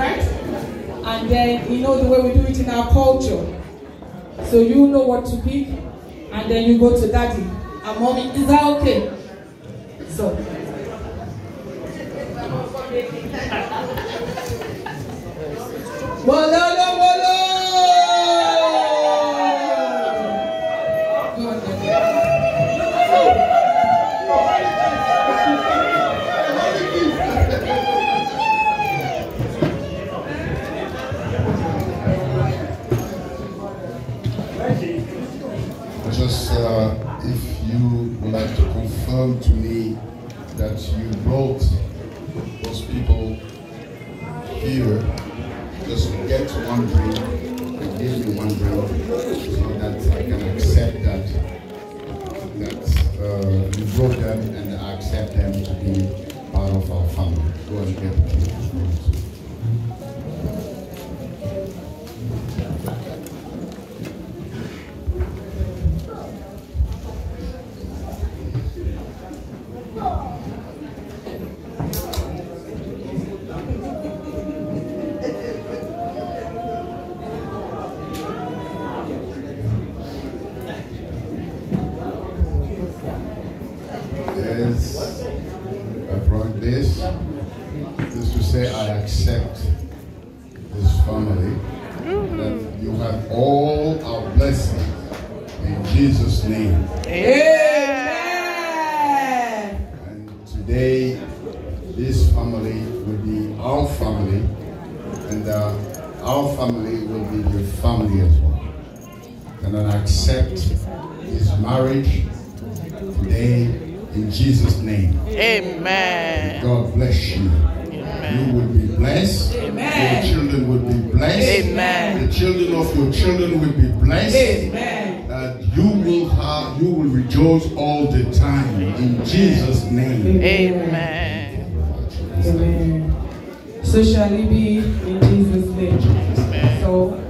right? And then you know the way we do it in our culture. So you know what to pick, and then you go to daddy and mommy. Is that okay? So. just get one drink and give me one drink so that I can accept that that uh, you brought them and I accept them to be part of our family. Go and get say I accept this family, mm-hmm. that you have all our blessings in Jesus' name. Amen. And today, this family will be our family, and uh, our family will be your family as well. And I accept this marriage today in Jesus' name. Amen. God bless you. Amen. You will be blessed. Amen. Your children will be blessed. Amen. The children of your children will be blessed. Amen. That you will have, you will rejoice all the time in Jesus' name. Amen. Amen. So shall it be in Jesus' name. Amen. So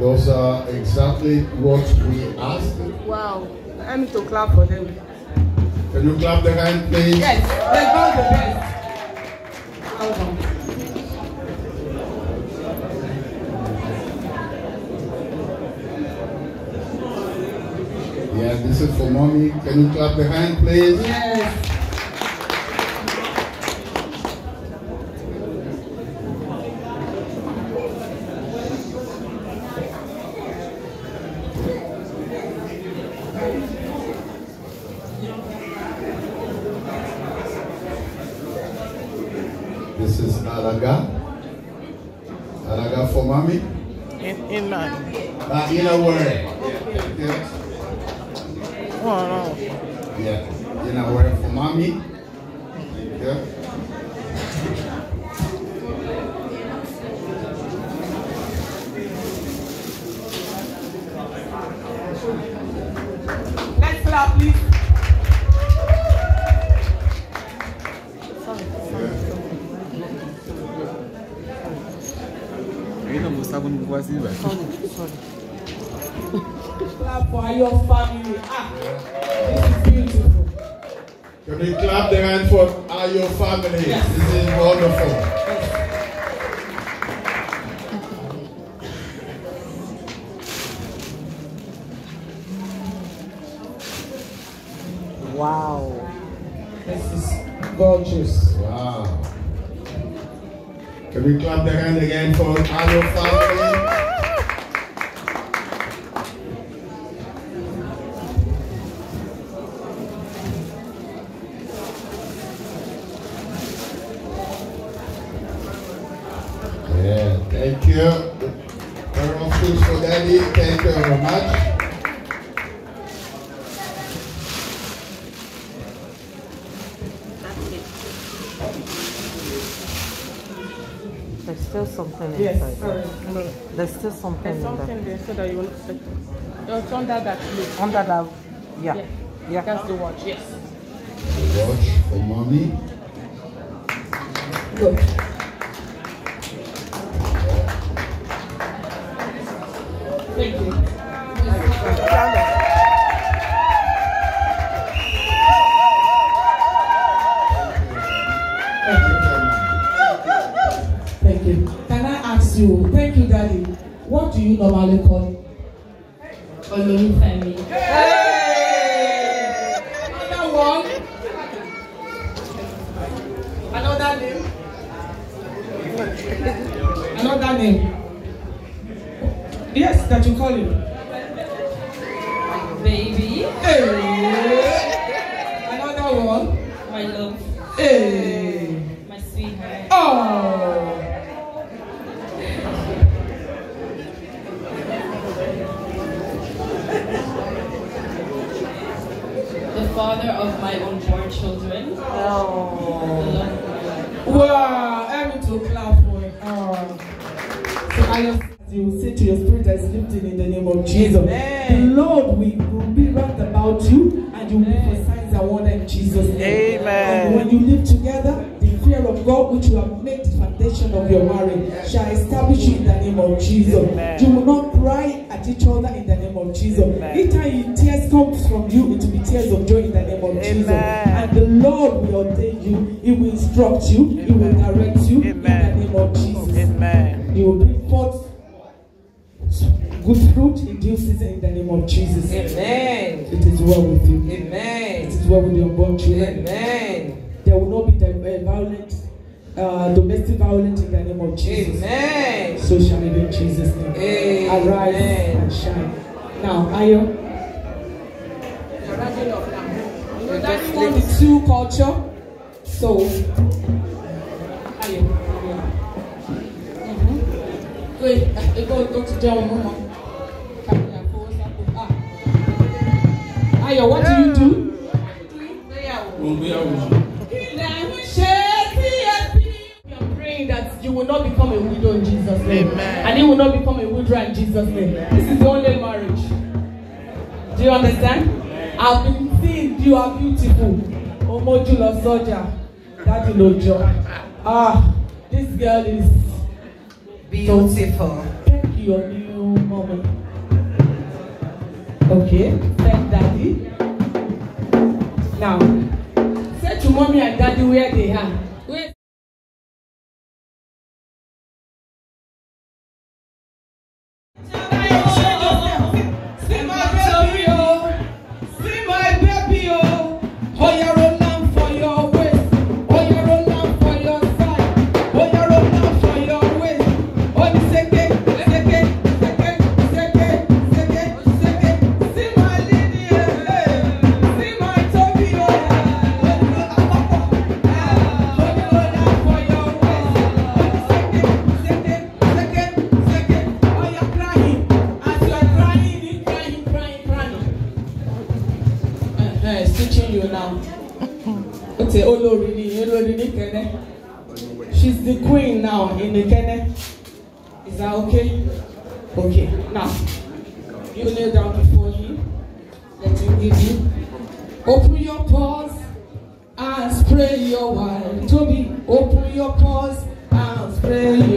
Those are exactly what we asked. Wow. I need to clap for them. Can you clap the hand, please? Yes. They're all the best. Yeah, this is for mommy. Can you clap the hand, please? Yes. that I got for mommy? In, in mind. Uh, in a word. Yeah. Oh, no. Yeah. In a word for mommy. Let's clap, please. voici Clap for your family. Ah, this is beautiful. Can we clap the hand for are your family? Yes. This is wonderful. Yes. Wow. This is gorgeous. Wow. Can we clap the hand again for Alo Fala? Yeah. Very much for Daddy. Thank you very much. There's still something inside. Yes. No, there's still something. There's something there. so that you will. Uh, it's under that. Plate. Under that. Yeah. yeah. yeah. That's the watch. Yes. The watch for mommy. Good. you. Thank you, Daddy. What do you normally call? Another one. Another name. Another name. that you call him? Baby. Hey. Another one. My love. Hey. My sweetheart. Oh. the father of my unborn children. Oh. Wow. I'm to clap for it. Oh. So I you will say to your spirit, I slept in, in the name of Jesus. Amen. The Lord will, will be wrapped about you and you will be for signs and wonders in Jesus' name. Amen. And when you live together, the fear of God which you have made the foundation of your marriage shall establish you in the name of Jesus. Amen. You will not cry at each other in the name of Jesus. Each time tears comes from you, it will be tears of joy in the name of Amen. Jesus. And the Lord will ordain you, He will instruct you, He will direct you in the name of Jesus. Amen. You will be forth Good fruit in due season in the name of Jesus. Amen. It is well with you. Amen. It is well with your born children. Amen. There will not be the, uh, violent, uh, domestic violence in the name of Jesus. Amen. So shall it be in Jesus' name. Amen. Arise and shine. Now, are You just live with two culture. So, Ayo. Mm Wait. I go, talk to John Muhammad. Ayọ̀, what do you do? We are praying that you will not become a widow in Jesus' name. Amen. And you will not become a widower in Jesus' name. This is only marriage. Do you understand? Amen. I've been seeing you are beautiful. Omoju lọ sọjà. Daddy lójọ. Ah, this girl is beautiful. thank you, your new moment. Okay, thank daddy. Now, say to mommy and daddy where they are. No, eh, it's teaching you now. It's a Olorini, Olorini Kene. She's the queen now in the Kene. Is that okay? Okay. Now, you kneel down before him. Let him give you. Open your paws and spray your wine. Toby, open your paws and spray your